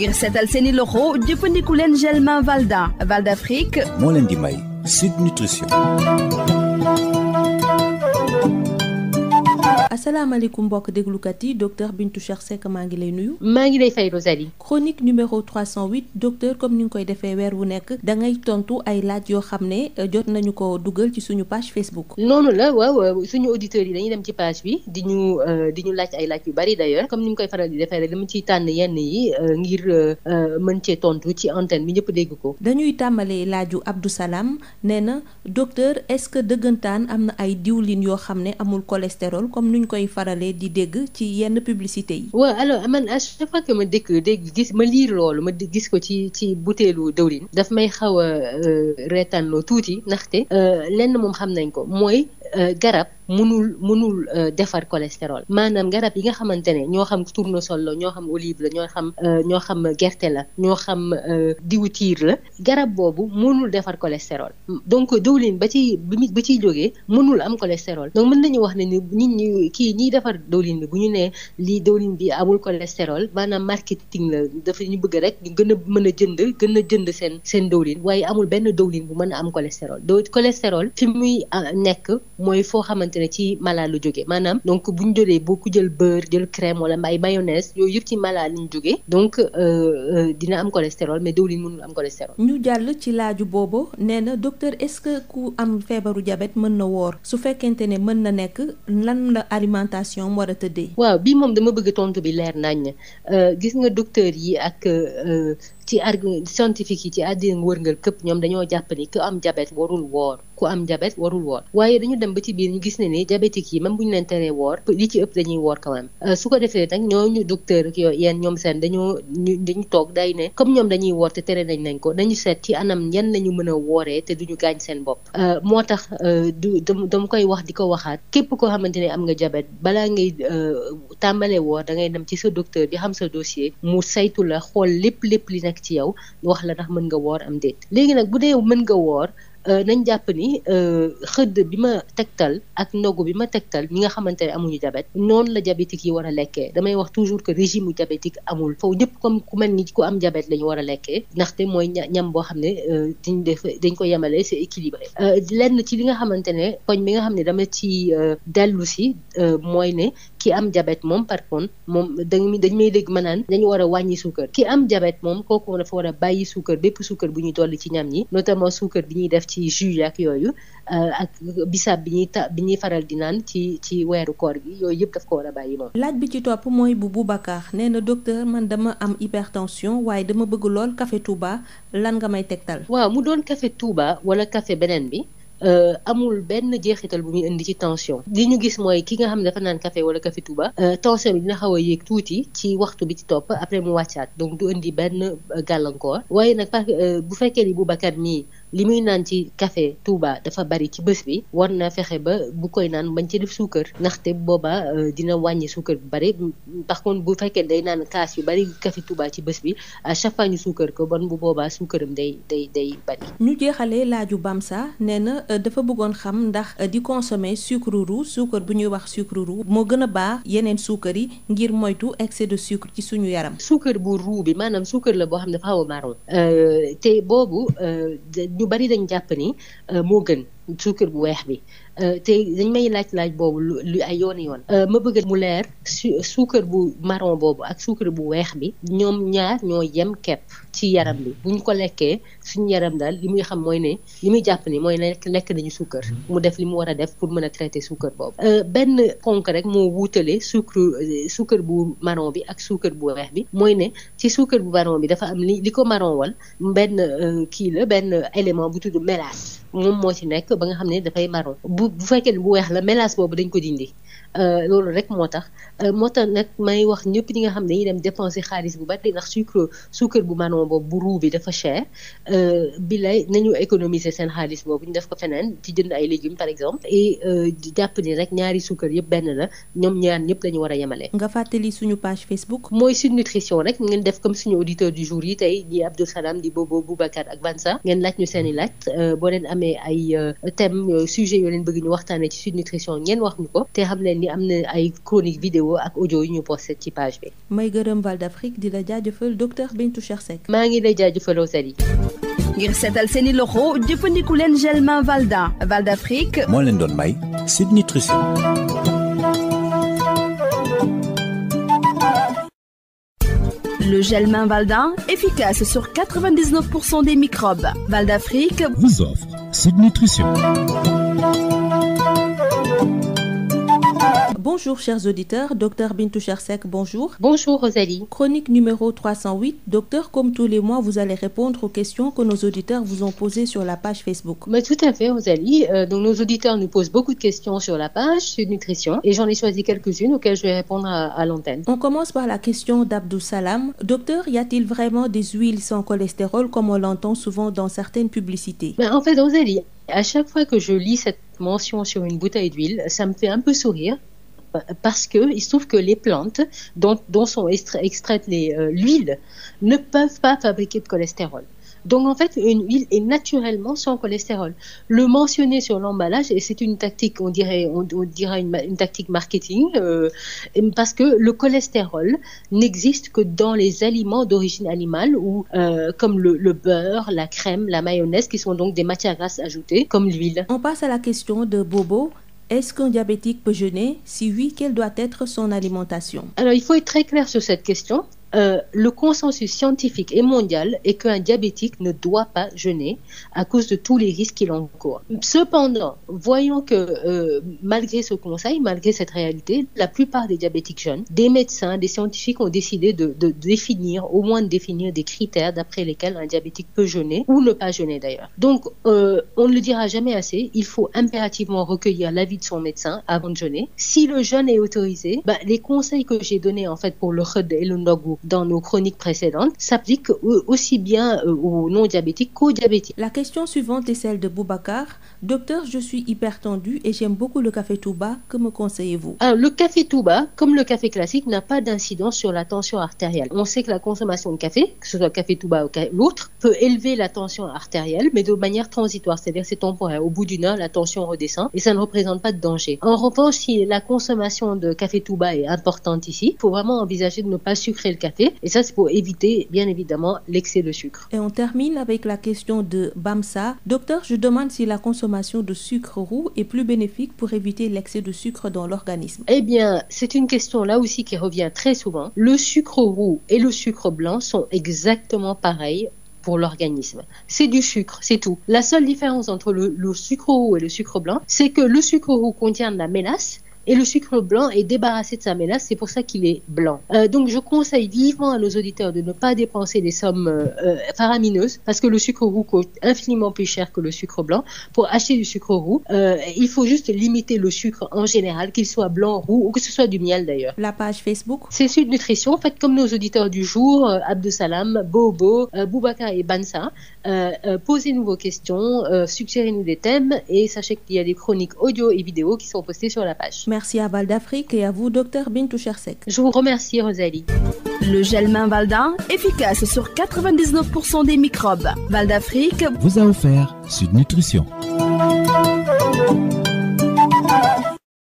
ngir seetal seeni loxo jëfandiku leen gel main Valda Valda Afrique moo leen di may Sud Nutrition asalaamaaleykum mbokk déglukat yi docteur Bintou Cheikh Seck maa ngi lay nuyu. maa ngi lay fay Rosalie. chronique numéro 308 docteur comme ni nga koy defee weer wu nekk da ngay tontu ay laaj yoo xam ne euh, jot nañu ko dugal ci suñu page Facebook. noonu la waaw suñu auditeurs yi dañuy dem ci page bi di ñu euh, di ñu laaj ay laaj yu bari d'ailleurs comme ni nga koy faral di defee rek dama ciy tànn yenn yi euh, ngir mën cee tontu ci antenne bi ñëpp dégg ko. dañuy tàmbalee laaju Abdou Salam nee na docteur est-ce que dëggantaan am na ay diwlin yoo xam ne amul cholestérol comme koy faralee di dégg ci yenn publicité yi. waaw alors aman à chaque fois ma dégg dégg gis ma liir loolu ma gis ko ci ci butéelu dëwlin dafa may xaw a euh, reetaanloo tuuti ndaxte euh, lenn moom xam nañ ko mooy euh, garab. mënul mënul euh, defar cholestérol maanaam garab yi nga xamante ne ñoo xam tournesol la ñoo xam olive la ñoo xam euh, ñoo xam gerte la ñoo xam euh, diwu tiir la garab boobu mënul defar cholestérol donc diwlin ba ci ba ciy jógee mënul am cholestérol donc mën nañu wax ne ni nit ñi kii ñiy defar diwlin bi bu ñu nee lii diwlin bi amul cholestérol maanaam marketing la dafa ñu bëgg rek ñu gën a mën a jënd gën a jënd seen seen diwlin waaye amul benn diwlin bu mën a am cholestérol do cholestérol fi muy nekk mooy foo xamante ne ci mala la jógee maanaam donc bu ñu jëlee boo ko jël beurre jël crème wala mbay mayonnaise yooyu yëpp ci mala lañ jógee donc euh, euh, dina am cholestérol mais diwlin mënul am cholestérol. ñu jàll ci laaju boobu nee na docteur est-ce que ku am feebaru diabète mën na woor su fekkente ne mën na nekk lan la alimentation war a tëddee. waaw bii moom dama bëgg tontu bi leer nañ euh, gis nga docteur yi ak. ci argument scientifique yi ci àddina wërngal këpp ñoom dañoo jàpp ni ku am diabète warul woor ku am diabète warul woor waaye dañu dem ba ci biir ñu gis ne nii diabétique yi même bu ñu leen tere woor li ci ëpp dañuy woor quand même euh, su ko defee nag ñooñu docteur ak yooyu yéen ñoom seen dañoo ñu dañu toog comme ñoom dañuy woor tere nañ nañ ko dañu seet ci anam yan lañu mën a wooree te duñu gaañ seen bopp euh, moo tax euh, du dama koy wax di ko waxaat képp koo xamante ne am nga diabète balaa ngay tàmbalee woor da ngay dem ci sa docteur bi xam sa dossier mu saytu la xool lépp ci yow wax la ndax mën nga woor am déet léegi nag bu dee mën nga woor Euh, nañ jàpp ni euh, xëdd bi ma tegtal ak ndogu bi ma tegtal mi nga xamante ne amuñu jabet noonu la diabétique yi war a lekkee damay wax toujours que régime u diabétique amul foofu ñëpp comme ku mel ni ku am jabet la ñu a lekkee ndaxte mooy ñam boo xam ne euh, dañ def dañ ko yemale c'est équilibré lenn ci li nga xamante ne poñ bi nga xam ne dama ci dellu si mooy ne ki am jabet moom par contre moom dañ dañ may dégg ma naan dañu war a wàññi suukar ki am jabet moom kooku dafa war a bàyyi suukar bépp suukar bu ñuy dolli ci ñam yi notamment suukar bi ñuy def ci jus ak yooyu euh, ak bisaab bi ñuy ta bi ñuy faral di naan ci ci weeru koor gi yooyu yëpp daf ko war a bàyyi moom. laaj bi ci topp mooy bu Boubacar nee na docteur man dama am hypertension waaye dama bëgg lool kafe Touba lan nga may tegtal. waaw mu doon kafe Touba wala café beneen bi. Uh, amul benn jeexital bu muy indi ci tension di ñu gis mooy ki nga xam ne dafa naan café wala café Touba euh, tension bi dina xaw a yéeg tuuti ci waxtu bi ci topp après mu wàccaat donc du indi benn uh, ni li muy naan ci kafe Touba dafa bari ci bés bi war naa fexe ba bu koy naan bañ ci def suukar ndaxte booba euh, dina wàññi suukar bu bari par kon bu fekkee day naan kaas yu bari café Touba ci bés bi à chaque fois suukar ko bon bu boobaa suukaram day day day bari. ñu jeexalee laaju Bamsa nee na euh, dafa bëggoon xam ndax euh, di consommer sucre roux suukar bu ñuy wax sucre ru moo gën a baax yeneen suukar yi ngir moytu excès de sucre ci suñu yaram. suukar bu roux bi maanaam suukar la boo xam ne dafa xaw a marron te ñu bari dañ jàpp ni euh, moo gën suukar bu weex bi euh, te dañ may laaj laaj boobu lu ay yoon yoon euh, ma bëgg mu leer su suukar bu marron boobu ak suukar bu weex bi ñoom ñaar ñoo yem kepp ci yaram bi bu ñu ko lekkee suñu yaram daal li muy xam mooy ne li muy jàpp ni mooy lekk lekk nañu suukar mu def li mu war a def pour mën a traiter suukar boobu euh, benn ponk rek moo wuutale sucre suukar bu marron bi ak suukar bu weex bi mooy ne ci suukar bu marron bi dafa am li li ko maron wal benn kii la benn élément bu tudd mélasse moom moo ci nekk ba nga xam ne dafay marron bu bu fekkee bu weex la mélange boobu dañ ko dindi Euh, loolu rek moo tax euh, moo tax nag may wax ñëpp ñi nga xam ne dañuy dem dépenser xaalis bu bari ndax sucre sucre bu manon boobu bu ruu bi dafa cher euh, bi lay nañu économiser seen xaalis boobu ñu def ko feneen ci jënd ay légumes par exemple et jàpp rek ñaari sucre yëpp benn la ñoom ñaar ñëpp la ñu war a yemale. nga fàttali suñu page Facebook. mooy Sud Nutrition rek ngeen def comme suñu auditeur du jour yi tey di Abdou Salam di Bobo Boubacar ak Vansa ngeen laaj ñu seen i laaj boo leen amee ay thème sujet yoo leen bëgg ñu waxtaanee ci Sud Nutrition wax ñu ko ni am na ay chronique vidéo ak audio yu ñu posté ci page bi. may gërëm Val d'Afrique di la jaajëfal docteur Bintou Cheikh Seck. maa ngi lay jaajëfal Rosalie. ngir seetal seen i loxo jëfandiku leen gel main Valda Val d'Afrique. moo leen doon may Sud Nutrition. Le gel main Valdin, efficace sur 99% des microbes. Val d'Afrique vous offre Sud Nutrition. Bonjour chers auditeurs, docteur Bintou Charsek, bonjour. Bonjour Rosalie. Chronique numéro Docteur, comme tous les mois, vous allez répondre aux questions que nos auditeurs vous ont posées sur la page Facebook. Mais tout à fait Rosalie. Euh, nos auditeurs nous posent beaucoup de questions sur la page sur nutrition et j'en ai choisi quelques-unes auxquelles je vais répondre à, l'antenne. On commence par la question d'Abdou Docteur, y a-t-il vraiment des huiles sans cholestérol comme on l'entend que je parce que il se trouve que les plantes dont, dont sont extraites les euh, l'huile ne peuvent pas fabriquer de cholestérol. Donc en fait, une huile est naturellement sans cholestérol. Le mentionner sur l'emballage, et c'est une tactique, on dirait, on, on dirait une, une, tactique marketing, euh, parce que le cholestérol n'existe que dans les aliments d'origine animale, ou euh, comme le, le, beurre, la crème, la mayonnaise, qui sont donc des matières grasses ajoutées, comme l'huile. On passe à la question de Bobo. Est-ce qu'un diabétique peut jeûner? Si oui, quelle doit être son alimentation? Alors, il faut être très clair sur cette question. euh, le consensus scientifique et mondial est qu'un diabétique ne doit pas jeûner à cause de tous les risques qu'il encourt. Cependant, voyons que euh, malgré ce conseil, malgré cette réalité, la plupart des diabétiques jeunes, des médecins, des scientifiques ont décidé de, de définir, au moins de définir des critères d'après lesquels un diabétique peut jeûner ou ne pas jeûner d'ailleurs. Donc, euh, on ne le dira jamais assez, il faut impérativement recueillir l'avis de son médecin dans nos chroniques précédentes s'applique aussi bien euh, aux non-diabétiques qu'aux diabétiques. La question suivante est celle de Boubacar. Docteur, je suis hypertendu et j'aime beaucoup le café Touba. Que me conseillez-vous? Alors, le café Touba, comme le café classique, n'a pas d'incidence sur la tension artérielle. On sait que la consommation de café, que ce soit café Touba ou l'autre, peut élever la tension artérielle, mais de manière transitoire, cest café. Et ça, c'est pour éviter, bien évidemment, l'excès de sucre. Et on termine avec la question de Bamsa. Docteur, je demande si la consommation de sucre roux est plus bénéfique pour éviter l'excès de sucre dans l'organisme. Eh bien, c'est une question là aussi qui revient très souvent. Le sucre roux et le sucre blanc sont exactement pareils pour l'organisme. C'est du sucre, c'est tout. La seule différence entre le, le, sucre roux et le sucre blanc, c'est que le sucre Et le sucre blanc est débarrassé de sa mélasse, c'est pour ça qu'il est blanc. Euh, donc je conseille vivement à nos auditeurs de ne pas dépenser des sommes euh, euh parce que le sucre roux coûte infiniment plus cher que le sucre blanc. Pour acheter du sucre roux, euh, il faut juste limiter le sucre en général, qu'il soit blanc, roux ou que ce soit du miel d'ailleurs. C'est Sud Nutrition, en fait comme nos auditeurs du jour, Abdou Bobo, Boubaka et Bansa. a des Merci à Val d'Afrique et à vous, docteur Bintou Chersek. Je vous remercie, Rosalie. Le gel main efficace sur des microbes. Val vous a offert Sud Nutrition.